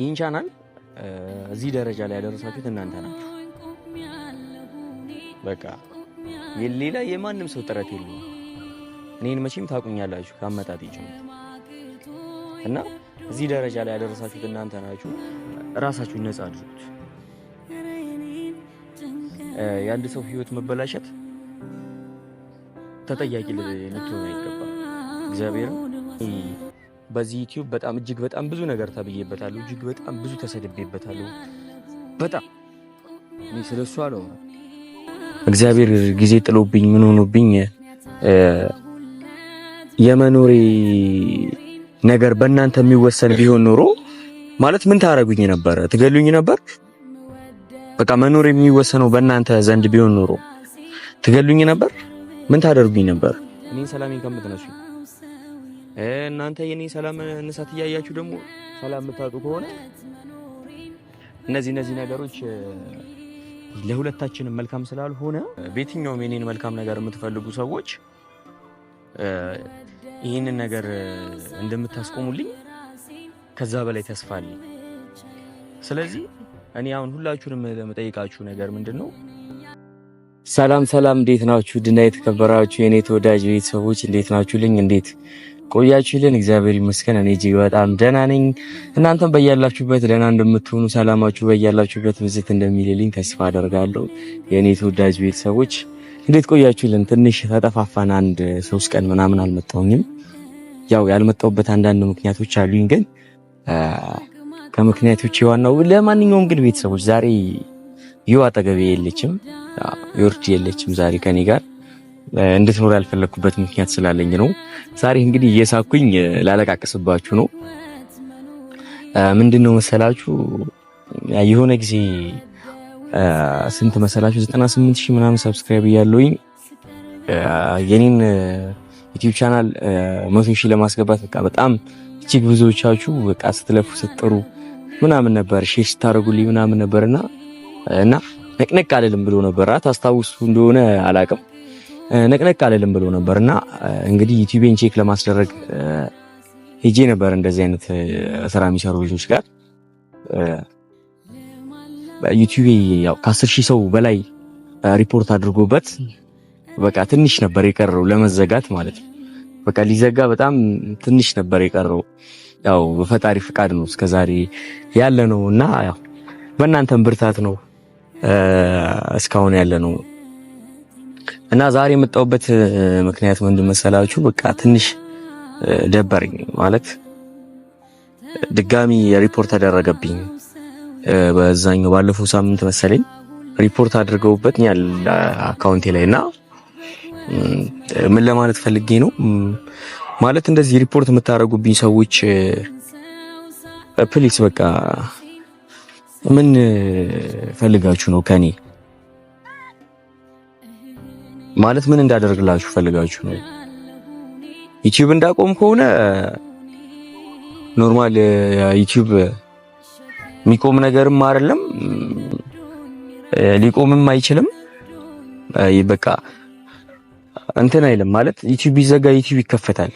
ይህን ቻናል እዚህ ደረጃ ላይ ያደረሳችሁት እናንተ ናችሁ። በቃ ሌላ የማንም ሰው ጥረት የለም። እኔን መቼም ታቁኛላችሁ ከአመጣጤ ይጭ እና እዚህ ደረጃ ላይ ያደረሳችሁት እናንተ ናችሁ። እራሳችሁን ነፃ አድርጉት። የአንድ ሰው ህይወት መበላሸት ተጠያቂ ልትሆን ይገባል። እግዚአብሔርም በዚህ ዩቲዩብ በጣም እጅግ በጣም ብዙ ነገር ተብዬበታለሁ። እጅግ በጣም ብዙ ተሰድቤበታለሁ። በጣም እኔ ስለ እሷ ነው እግዚአብሔር ጊዜ ጥሎብኝ ምን ሆኖብኝ የመኖሬ ነገር በእናንተ የሚወሰን ቢሆን ኖሮ ማለት ምን ታረጉኝ ነበር? ትገሉኝ ነበር? በቃ መኖር የሚወሰነው በእናንተ ዘንድ ቢሆን ኖሮ ትገሉኝ ነበር? ምን ታደርጉኝ ነበር? እኔን ሰላሜን ከምትነሱ እናንተ የኔ ሰላም እንሳት እያያችሁ ደግሞ ሰላም የምታጡ ከሆነ እነዚህ እነዚህ ነገሮች ለሁለታችንም መልካም ስላልሆነ በየትኛውም የኔን መልካም ነገር የምትፈልጉ ሰዎች ይህንን ነገር እንደምታስቆሙልኝ ከዛ በላይ ተስፋ አለኝ። ስለዚህ እኔ አሁን ሁላችሁንም የምጠይቃችሁ ነገር ምንድን ነው? ሰላም ሰላም፣ እንዴት ናችሁ? ድና የተከበራችሁ የኔ ተወዳጅ ቤተሰቦች እንዴት ናችሁ ልኝ እንዴት ቆያችሁልን። እግዚአብሔር ይመስገን። እኔ እጅግ በጣም ደህና ነኝ። እናንተም በያላችሁበት ደህና እንደምትሆኑ ሰላማችሁ በያላችሁበት ብዝት እንደሚልልኝ ተስፋ አደርጋለሁ። የእኔ ተወዳጅ ቤተሰቦች እንዴት ቆያችሁልን? ትንሽ ተጠፋፋን። አንድ ሶስት ቀን ምናምን አልመጣሁኝም። ያው ያልመጣሁበት አንዳንድ ምክንያቶች አሉኝ፣ ግን ከምክንያቶች የዋናው ለማንኛውም ግን ቤተሰቦች ዛሬ ይኸው አጠገቤ የለችም፣ ዮርድ የለችም ዛሬ ከኔ ጋር እንድትኖር ያልፈለግኩበት ምክንያት ስላለኝ ነው። ዛሬ እንግዲህ እየሳኩኝ ላለቃቅስባችሁ ነው። ምንድን ነው መሰላችሁ የሆነ ጊዜ ስንት መሰላችሁ 98 ሺህ ምናምን ሰብስክራይብ እያለሁኝ የኔን ዩቲዩብ ቻናል መቶ ሺህ ለማስገባት በቃ በጣም እጅግ ብዙዎቻችሁ በቃ ስትለፉ ስትጥሩ ምናምን ነበር፣ ሼር ስታደርጉልኝ ምናምን ነበርና እና ነቅነቅ አልልም ብሎ ነበር። ታስታውሱ እንደሆነ አላቅም ነቅነቅ አለልም ብሎ ነበር እና እንግዲህ ዩቲዩቤን ቼክ ለማስደረግ ሄጄ ነበር እንደዚህ አይነት ስራ የሚሰሩ ልጆች ጋር ዩቲዩቤ ያው ከአስር ሺህ ሰው በላይ ሪፖርት አድርጎበት በቃ ትንሽ ነበር የቀረው ለመዘጋት ማለት ነው። በቃ ሊዘጋ በጣም ትንሽ ነበር የቀረው። ያው በፈጣሪ ፍቃድ ነው እስከዛሬ ያለ ነው እና ያው በእናንተም ብርታት ነው እስካሁን ያለ ነው። እና ዛሬ የመጣሁበት ምክንያት ምንድን መሰላችሁ? በቃ ትንሽ ደበረኝ ማለት ድጋሚ ሪፖርት ተደረገብኝ። በዛኛው ባለፈው ሳምንት መሰለኝ ሪፖርት ያል አካውንቴ ላይ እና ምን ለማለት ፈልጌ ነው ማለት እንደዚህ ሪፖርት የምታደርጉብኝ ሰዎች ፕሊስ በቃ ምን ፈልጋችሁ ነው ከኔ ማለት ምን እንዳደርግላችሁ ፈልጋችሁ ነው? ዩቲዩብ እንዳቆም ከሆነ ኖርማል ዩቲዩብ የሚቆም ነገርም አይደለም፣ ሊቆምም አይችልም። በቃ እንትን አይልም ማለት ዩቲዩብ ቢዘጋ ዩቲዩብ ይከፈታል።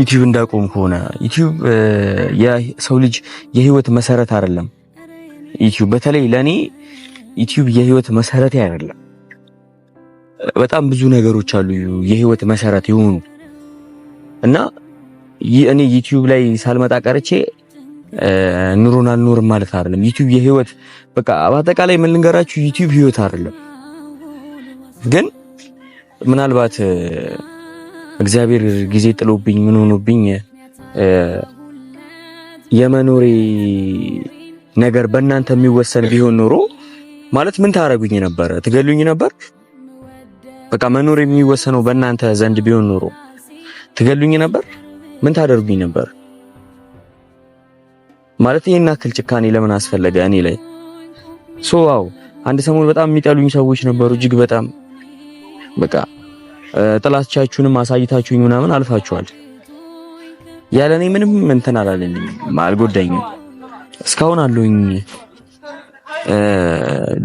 ዩቲዩብ እንዳቆም ከሆነ ዩቲዩብ የሰው ልጅ የህይወት መሰረት አይደለም። ዩቲዩብ በተለይ ለኔ ዩቲዩብ የህይወት መሰረት አይደለም። በጣም ብዙ ነገሮች አሉ የህይወት መሰረት የሆኑ እና እኔ ዩቲዩብ ላይ ሳልመጣ ቀርቼ ኑሮን አልኖርም ማለት አይደለም። ዩቲዩብ የህይወት በቃ በአጠቃላይ ምን ልንገራችሁ፣ ዩቲዩብ ህይወት አይደለም። ግን ምናልባት እግዚአብሔር ጊዜ ጥሎብኝ ምን ሆኖብኝ የመኖሬ ነገር በእናንተ የሚወሰን ቢሆን ኖሮ ማለት ምን ታረጉኝ ነበር? ትገሉኝ ነበር? በቃ መኖር የሚወሰነው በእናንተ ዘንድ ቢሆን ኖሮ ትገሉኝ ነበር? ምን ታደርጉኝ ነበር? ማለት ይሄን አክል ጭካኔ ለምን አስፈለገ እኔ ላይ? ሶ አው አንድ ሰሞን በጣም የሚጠሉኝ ሰዎች ነበሩ፣ እጅግ በጣም በቃ ጥላቻችሁንም አሳይታችሁኝ ምናምን አልፋችኋል። ያለኔ ምንም እንትን አላለኝም፣ አልጎዳኝም፣ እስካሁን አለሁኝ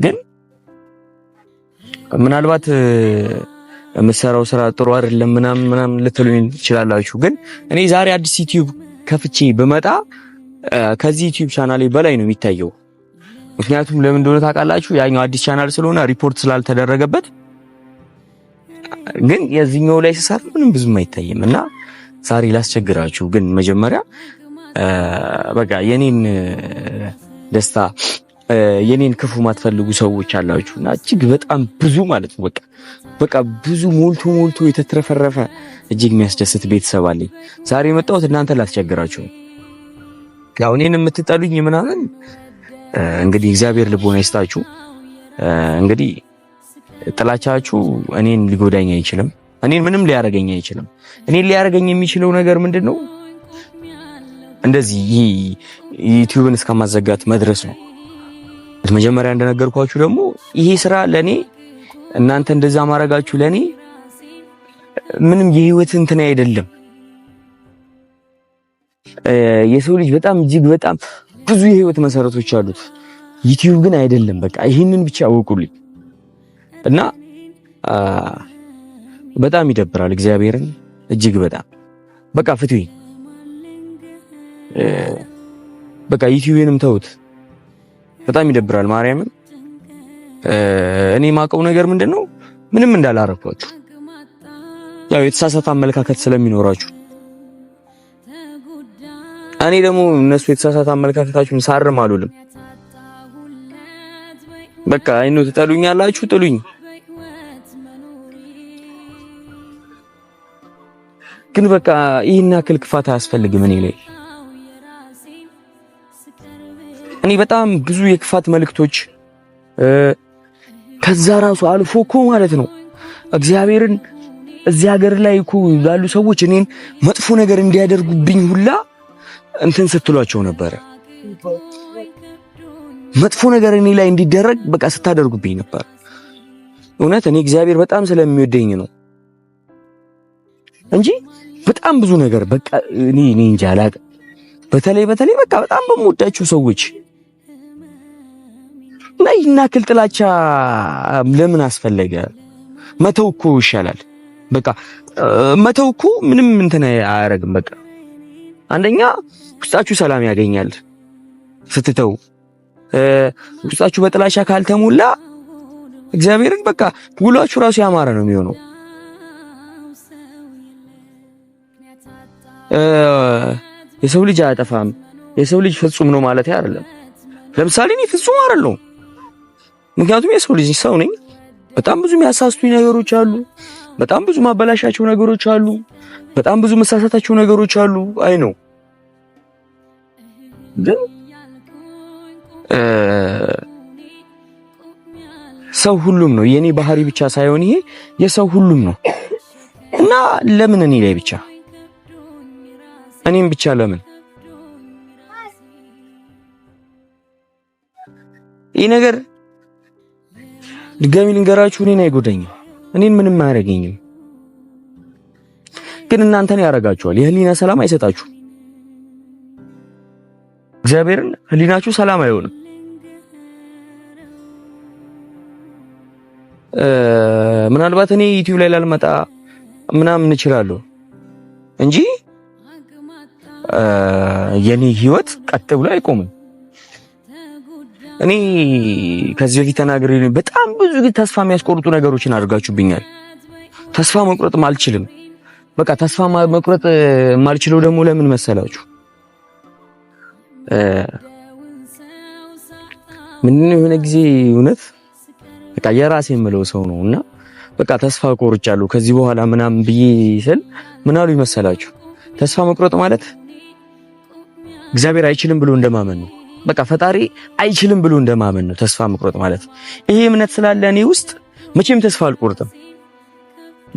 ግን ምናልባት የምሰራው ስራ ጥሩ አይደለም ምናምን ምናምን ልትሉኝ ትችላላችሁ። ግን እኔ ዛሬ አዲስ ዩቲዩብ ከፍቼ ብመጣ ከዚህ ዩቲዩብ ቻናሌ በላይ ነው የሚታየው። ምክንያቱም ለምን እንደሆነ ታውቃላችሁ? ያኛው አዲስ ቻናል ስለሆነ ሪፖርት ስላልተደረገበት፣ ግን የዚህኛው ላይ ስሰራ ምንም ብዙም አይታይም እና ዛሬ ላስቸግራችሁ። ግን መጀመሪያ በቃ የኔን ደስታ የኔን ክፉ ማትፈልጉ ሰዎች አላችሁ እና እጅግ በጣም ብዙ ማለት ነው። በቃ በቃ ብዙ ሞልቶ ሞልቶ የተትረፈረፈ እጅግ የሚያስደስት ቤተሰብ አለኝ። ዛሬ የመጣሁት እናንተ ላስቸግራችሁ። ያው እኔን የምትጠሉኝ ምናምን እንግዲህ እግዚአብሔር ልቦና ይስጣችሁ። እንግዲህ ጥላቻችሁ እኔን ሊጎዳኝ አይችልም። እኔን ምንም ሊያረገኝ አይችልም። እኔን ሊያረገኝ የሚችለው ነገር ምንድን ነው? እንደዚህ ይህ ዩቲዩብን እስከማዘጋት መድረስ ነው። መጀመሪያ እንደነገርኳችሁ ደግሞ ይሄ ስራ ለኔ እናንተ እንደዛ ማድረጋችሁ ለኔ ምንም የህይወት እንትን አይደለም። የሰው ልጅ በጣም እጅግ በጣም ብዙ የህይወት መሰረቶች አሉት። ዩቲዩብ ግን አይደለም። በቃ ይህንን ብቻ አውቁልኝ እና በጣም ይደብራል። እግዚአብሔርን እጅግ በጣም በቃ ፍትዌ በቃ ዩቲዩብንም ተውት። በጣም ይደብራል። ማርያምን እኔ የማውቀው ነገር ምንድን ነው ምንም እንዳላረኳችሁ ያው የተሳሳተ አመለካከት ስለሚኖራችሁ እኔ ደግሞ እነሱ የተሳሳተ አመለካከታችሁን ሳርም አሉልም። በቃ አይኑ ትጠሉኝ ያላችሁ ጥሉኝ፣ ግን በቃ ይህን ያክል ክፋት አያስፈልግም እኔ ላይ እኔ በጣም ብዙ የክፋት መልእክቶች ከዛ ራሱ አልፎ እኮ ማለት ነው እግዚአብሔርን እዚህ ሀገር ላይ እኮ ያሉ ሰዎች እኔን መጥፎ ነገር እንዲያደርጉብኝ ሁላ እንትን ስትሏቸው ነበረ። መጥፎ ነገር እኔ ላይ እንዲደረግ በቃ ስታደርጉብኝ ነበር። እውነት እኔ እግዚአብሔር በጣም ስለሚወደኝ ነው እንጂ በጣም ብዙ ነገር በቃ እኔ እኔ እንጃ በተለይ በተለይ በቃ በጣም በምወዳቸው ሰዎች እና ይህን ጥላቻ ለምን አስፈለገ? መተው እኮ ይሻላል። በቃ መተው እኮ ምንም እንትን አያረግም። በቃ አንደኛ ውስጣችሁ ሰላም ያገኛል ስትተው። ውስጣችሁ በጥላቻ ካልተሞላ እግዚአብሔርን በቃ ውሏችሁ ራሱ ያማረ ነው የሚሆነው። የሰው ልጅ አያጠፋም፣ የሰው ልጅ ፍጹም ነው ማለት አይደለም። ለምሳሌ እኔ ፍጹም አይደለሁም። ምክንያቱም የሰው ልጅ ሰው ነኝ። በጣም ብዙ የሚያሳስቱኝ ነገሮች አሉ። በጣም ብዙ ማበላሻቸው ነገሮች አሉ። በጣም ብዙ መሳሳታቸው ነገሮች አሉ። አይ ነው ግን ሰው ሁሉም ነው። የኔ ባህሪ ብቻ ሳይሆን ይሄ የሰው ሁሉም ነው እና ለምን እኔ ላይ ብቻ እኔም ብቻ ለምን ይህ ነገር ድጋሚ ልንገራችሁ፣ እኔን አይጎዳኝም። እኔን ምንም አያረገኝም። ግን እናንተን ያረጋችኋል። የህሊና ሰላም አይሰጣችሁም። እግዚአብሔርን ህሊናችሁ ሰላም አይሆንም። ምናልባት እኔ ዩቲዩብ ላይ ላልመጣ ምናምን እችላለሁ እንጂ የኔ ህይወት ቀጥ ብሎ አይቆምም። እኔ ከዚህ በፊት ተናግሬ በጣም ብዙ ተስፋ የሚያስቆርጡ ነገሮችን አድርጋችሁብኛል። ተስፋ መቁረጥ አልችልም። በቃ ተስፋ መቁረጥ የማልችለው ደግሞ ለምን መሰላችሁ? ነው የሆነ ጊዜ እውነት በቃ የራሴ የምለው ሰው ነው እና በቃ ተስፋ ቆርጫለሁ ከዚህ በኋላ ምናምን ብዬ ስል ምን አሉ ይመሰላችሁ? ተስፋ መቁረጥ ማለት እግዚአብሔር አይችልም ብሎ እንደማመን ነው። በቃ ፈጣሪ አይችልም ብሎ እንደማመን ነው ተስፋ መቁረጥ ማለት። ይሄ እምነት ስላለ እኔ ውስጥ መቼም ተስፋ አልቆርጥም።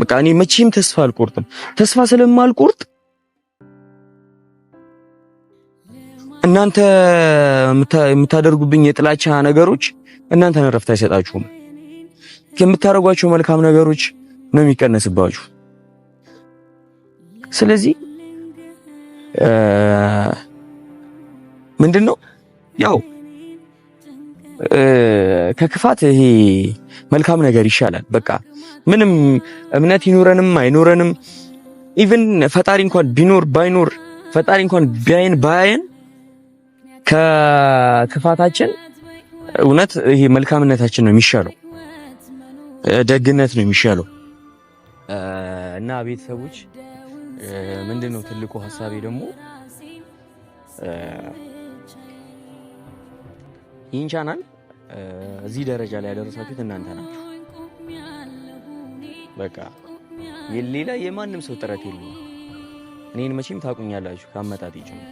በቃ እኔ መቼም ተስፋ አልቆርጥም። ተስፋ ስለማልቆርጥ እናንተ የምታደርጉብኝ የጥላቻ ነገሮች እናንተን እረፍት አይሰጣችሁም። ከምታደርጓቸው መልካም ነገሮች ነው የሚቀነስባችሁ። ስለዚህ ምንድን ነው ያው ከክፋት ይሄ መልካም ነገር ይሻላል። በቃ ምንም እምነት ይኖረንም አይኖረንም ኢቭን ፈጣሪ እንኳን ቢኖር ባይኖር ፈጣሪ እንኳን ቢያይን ባያየን ከክፋታችን እውነት ይሄ መልካምነታችን ነው የሚሻለው፣ ደግነት ነው የሚሻለው። እና ቤተሰቦች ምንድን ነው ትልቁ ሀሳቤ ደግሞ ይህን ቻናል እዚህ ደረጃ ላይ ያደረሳችሁት እናንተ ናችሁ። በቃ የማንም ሰው ጥረት የለ። እኔን መቼም ታቁኛላችሁ ከአመጣጤ ጭምር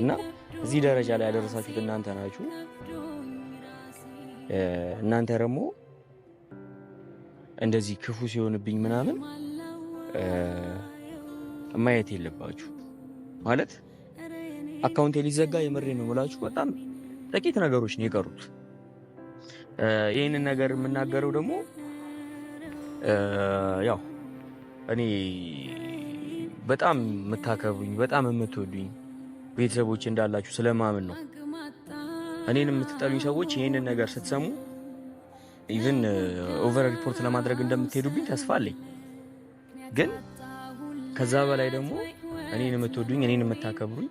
እና እዚህ ደረጃ ላይ ያደረሳችሁት እናንተ ናችሁ። እናንተ ደግሞ እንደዚህ ክፉ ሲሆንብኝ ምናምን ማየት የለባችሁ ማለት አካውንቴ ሊዘጋ የምሬ ነው የምላችሁ በጣም ጥቂት ነገሮች ነው የቀሩት። ይህንን ነገር የምናገረው ደግሞ ያው እኔ በጣም የምታከብሩኝ በጣም የምትወዱኝ ቤተሰቦች እንዳላችሁ ስለማምን ነው። እኔን የምትጠሉኝ ሰዎች ይህንን ነገር ስትሰሙ ኢቭን ኦቨር ሪፖርት ለማድረግ እንደምትሄዱብኝ ተስፋ አለኝ። ግን ከዛ በላይ ደግሞ እኔን የምትወዱኝ እኔን የምታከብሩኝ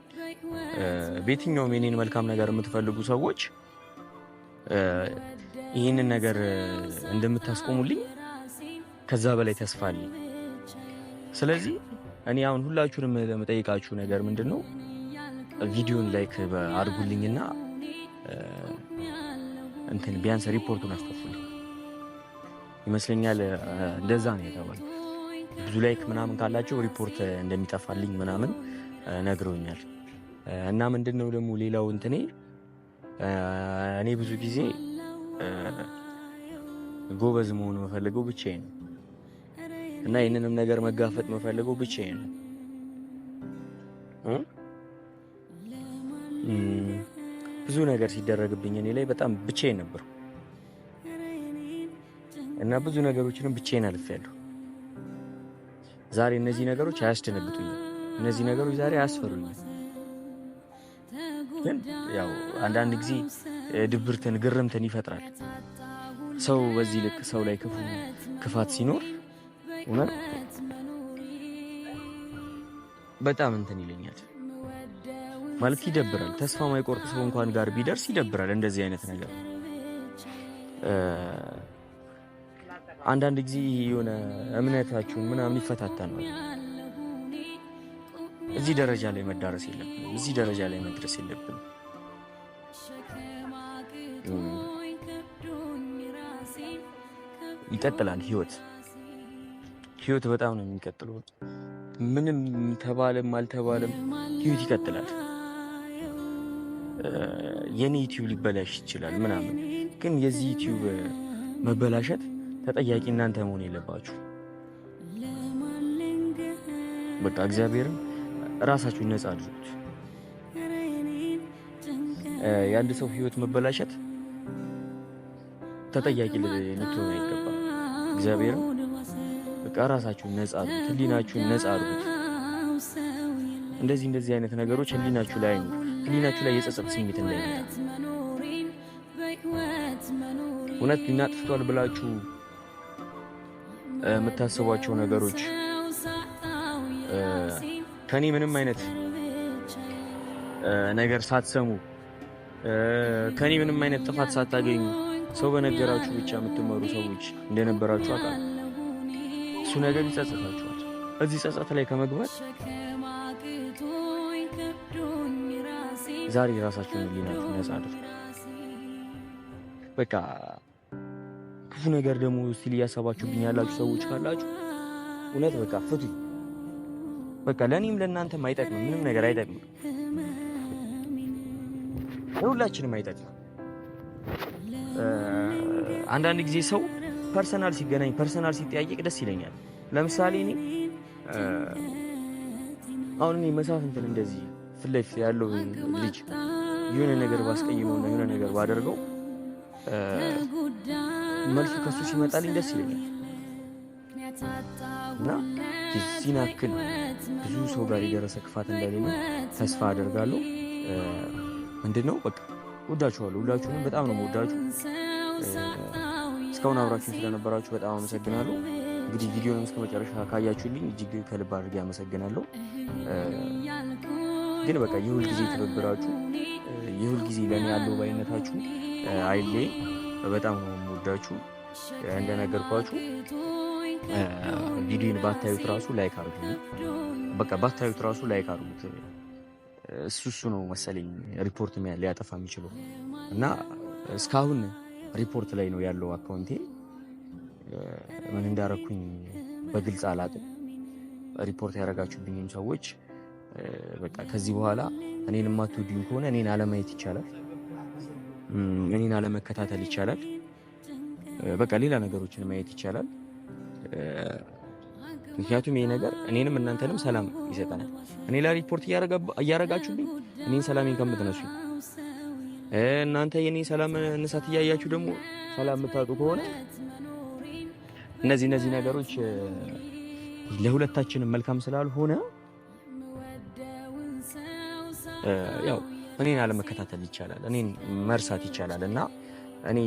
በየትኛውም የኔን መልካም ነገር የምትፈልጉ ሰዎች ይህንን ነገር እንደምታስቆሙልኝ ከዛ በላይ ተስፋ አለኝ። ስለዚህ እኔ አሁን ሁላችሁንም ለመጠይቃችሁ ነገር ምንድን ነው ቪዲዮን ላይክ አድርጉልኝና እንትን ቢያንስ ሪፖርቱን አስጠፉልኝ ይመስለኛል። እንደዛ ነው የተባለ ብዙ ላይክ ምናምን ካላቸው ሪፖርት እንደሚጠፋልኝ ምናምን ነግረውኛል። እና ምንድን ነው ደግሞ ሌላው እንትኔ እኔ ብዙ ጊዜ ጎበዝ መሆን መፈልገው ብቻዬ ነው እና ይህንንም ነገር መጋፈጥ መፈልገው ብቻዬ ነው። ብዙ ነገር ሲደረግብኝ እኔ ላይ በጣም ብቻዬን ነበር እና ብዙ ነገሮችንም ብቻዬን አልፌያለሁ። ዛሬ እነዚህ ነገሮች አያስደነግጡኝ፣ እነዚህ ነገሮች ዛሬ አያስፈሩኝም። ግን ያው አንዳንድ ጊዜ ድብርትን፣ ግርምትን ይፈጥራል። ሰው በዚህ ልክ ሰው ላይ ክፉ ክፋት ሲኖር እውነት በጣም እንትን ይለኛል ማለት ይደብራል። ተስፋ ማይቆርጥ ሰው እንኳን ጋር ቢደርስ ይደብራል። እንደዚህ አይነት ነገር አንዳንድ ጊዜ የሆነ እምነታችሁን ምናምን ይፈታተናል። እዚህ ደረጃ ላይ መዳረስ የለብንም። እዚህ ደረጃ ላይ መድረስ የለብንም። ይቀጥላል ህይወት ህይወት በጣም ነው የሚቀጥለው። ምንም ተባለም አልተባለም ህይወት ይቀጥላል። የኔ ዩቲዩብ ሊበላሽ ይችላል ምናምን፣ ግን የዚህ ዩቲዩብ መበላሸት ተጠያቂ እናንተ መሆን የለባችሁ። በቃ እግዚአብሔርን ራሳችሁን ነጻ አድርጉት። የአንድ ሰው ህይወት መበላሸት ተጠያቂ ልትሆን አይገባም። እግዚአብሔር በቃ ራሳችሁን ነጻ አድርጉት፣ ህሊናችሁን ነጻ አድርጉት። እንደዚህ እንደዚህ አይነት ነገሮች ህሊናችሁ ላይ አይኑ ህሊናችሁ ላይ የጸጸት ስሜት እንዳይመጣ። እውነት ሊና ጥፍቷል ብላችሁ የምታስቧቸው ነገሮች ከኔ ምንም አይነት ነገር ሳትሰሙ ከኔ ምንም አይነት ጥፋት ሳታገኙ ሰው በነገራችሁ ብቻ የምትመሩ ሰዎች እንደነበራችሁ አውቃለሁ። እሱ ነገር ይጸጸታችኋል። እዚህ ጸጸት ላይ ከመግባት ዛሬ የራሳችሁን ህሊናችሁ ነጻ አድርጉ። በቃ ክፉ ነገር ደግሞ ሲል እያሰባችሁብኝ ያላችሁ ሰዎች ካላችሁ እውነት በቃ ፍቱኝ። በቃ ለእኔም ለእናንተም አይጠቅምም። ምንም ነገር አይጠቅምም፣ ለሁላችንም አይጠቅምም። አንዳንድ ጊዜ ሰው ፐርሰናል ሲገናኝ ፐርሰናል ሲጠያየቅ ደስ ይለኛል። ለምሳሌ እኔ አሁን እኔ መሳፍንትን እንደዚህ ፊት ለፊት ያለው ልጅ የሆነ ነገር ባስቀይመውና የሆነ ነገር ባደርገው መልሱ ከሱ ሲመጣልኝ ደስ ይለኛል። እና የዚህን ያክል ብዙ ሰው ጋር የደረሰ ክፋት እንደሌለ ተስፋ አደርጋለሁ። ምንድን ነው በቃ ወዳችኋለሁ። ሁላችሁንም በጣም ነው መወዳችሁ። እስካሁን አብራችሁን ስለነበራችሁ በጣም አመሰግናለሁ። እንግዲህ ቪዲዮን እስከ መጨረሻ ካያችሁልኝ እጅግ ከልብ አድርጌ አመሰግናለሁ። ግን በቃ የሁል ጊዜ ትብብራችሁ፣ የሁል ጊዜ ለእኔ ያለው ባይነታችሁ አይሌ በጣም ነው የምወዳችሁ እንደነገርኳችሁ ቪዲዮን ባታዩት ራሱ ላይክ አርጉ። በቃ ባታዩት ራሱ ላይክ አርጉት። እሱ እሱ ነው መሰለኝ ሪፖርት ሊያጠፋ የሚችለው እና እስካሁን ሪፖርት ላይ ነው ያለው አካውንቴ። ምን እንዳረኩኝ በግልጽ አላቅም። ሪፖርት ያደረጋችሁብኝም ሰዎች በቃ ከዚህ በኋላ እኔን የማትወዱኝ ከሆነ እኔን አለማየት ይቻላል፣ እኔን አለመከታተል ይቻላል። በቃ ሌላ ነገሮችን ማየት ይቻላል። ምክንያቱም ይሄ ነገር እኔንም እናንተንም ሰላም ይሰጠናል። እኔ ላይ ሪፖርት እያረጋችሁብኝ እኔን ሰላሜን ከምትነሱ እናንተ የኔ ሰላም እንሳት እያያችሁ ደግሞ ሰላም የምታጡ ከሆነ እነዚህ እነዚህ ነገሮች ለሁለታችንም መልካም ስላልሆነ ያው እኔን አለመከታተል ይቻላል፣ እኔን መርሳት ይቻላል እና እኔ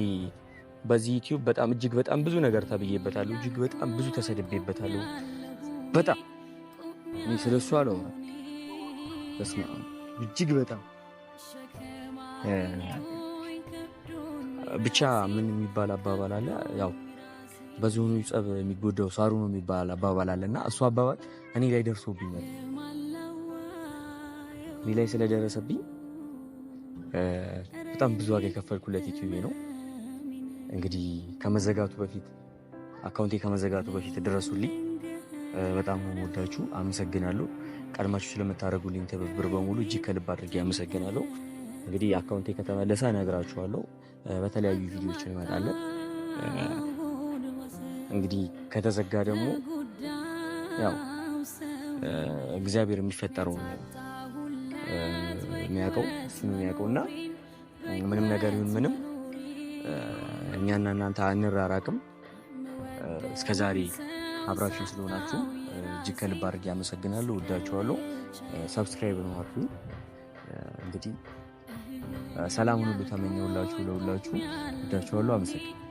በዚህ ዩቲዩብ በጣም እጅግ በጣም ብዙ ነገር ተብዬበታለሁ። እጅግ በጣም ብዙ ተሰድቤበታለሁ። በጣም እኔ ስለ እሷ ነው በስማ እጅግ በጣም ብቻ ምን የሚባል አባባል አለ ያው በዝሆኑ ጸብ የሚጎዳው ሳሩ ነው የሚባል አባባል አለ እና እሱ አባባል እኔ ላይ ደርሶብኛል። እኔ ላይ ስለደረሰብኝ በጣም ብዙ ዋጋ የከፈልኩለት ዩቲዩብ ነው። እንግዲህ ከመዘጋቱ በፊት አካውንቴ ከመዘጋቱ በፊት ድረሱልኝ። በጣም ወዳችሁ አመሰግናለሁ። ቀድማችሁ ስለምታደርጉልኝ ትብብር በሙሉ እጅግ ከልብ አድርጌ አመሰግናለሁ። እንግዲህ አካውንቴ ከተመለሰ እነግራችኋለሁ። በተለያዩ ቪዲዮዎች እንመጣለን። እንግዲህ ከተዘጋ ደግሞ ያው እግዚአብሔር የሚፈጠረው የሚያውቀው እሱ የሚያውቀው እና ምንም ነገር ይሁን ምንም እኛና እናንተ አንራራቅም። እስከዛሬ አብራችን ስለሆናችሁ እጅግ ከልብ አድርጌ አመሰግናለሁ። ወዳችኋለሁ። ሰብስክራይብ ነው እንግዲህ ሰላም ሁሉ ተመኘሁላችሁ። ለሁላችሁ ወዳችኋለሁ። አመሰግናለሁ።